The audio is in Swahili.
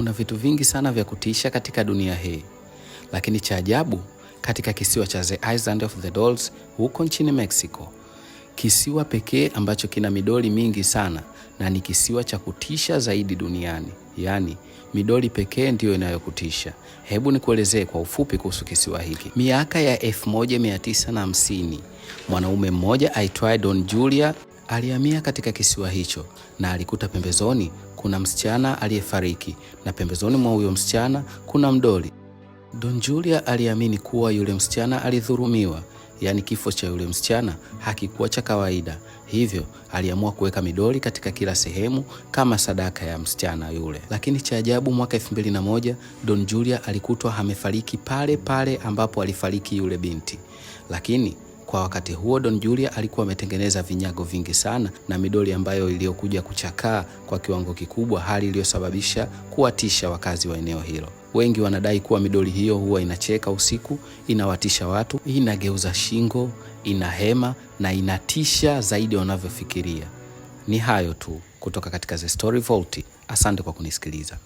Kuna vitu vingi sana vya kutisha katika dunia hii, lakini cha ajabu katika kisiwa cha The Island of the Dolls huko nchini Mexico, kisiwa pekee ambacho kina midoli mingi sana na ni kisiwa cha kutisha zaidi duniani. Yaani, midoli pekee ndiyo inayokutisha. Hebu nikuelezee kwa ufupi kuhusu kisiwa hiki. Miaka ya 1950 mwanaume mmoja aitwaye Don Julia alihamia katika kisiwa hicho na alikuta pembezoni kuna msichana aliyefariki na pembezoni mwa huyo msichana kuna mdoli. Don Julia aliamini kuwa yule msichana alidhulumiwa, yaani kifo cha yule msichana hakikuwa cha kawaida, hivyo aliamua kuweka midoli katika kila sehemu kama sadaka ya msichana yule. Lakini cha ajabu, mwaka elfu mbili na moja Don Julia alikutwa amefariki pale pale ambapo alifariki yule binti, lakini kwa wakati huo Don Julia alikuwa ametengeneza vinyago vingi sana na midoli ambayo iliyokuja kuchakaa kwa kiwango kikubwa, hali iliyosababisha kuwatisha wakazi wa eneo hilo. Wengi wanadai kuwa midoli hiyo huwa inacheka usiku, inawatisha watu, inageuza shingo, inahema na inatisha zaidi wanavyofikiria. Ni hayo tu kutoka katika The Story Vault. Asante kwa kunisikiliza.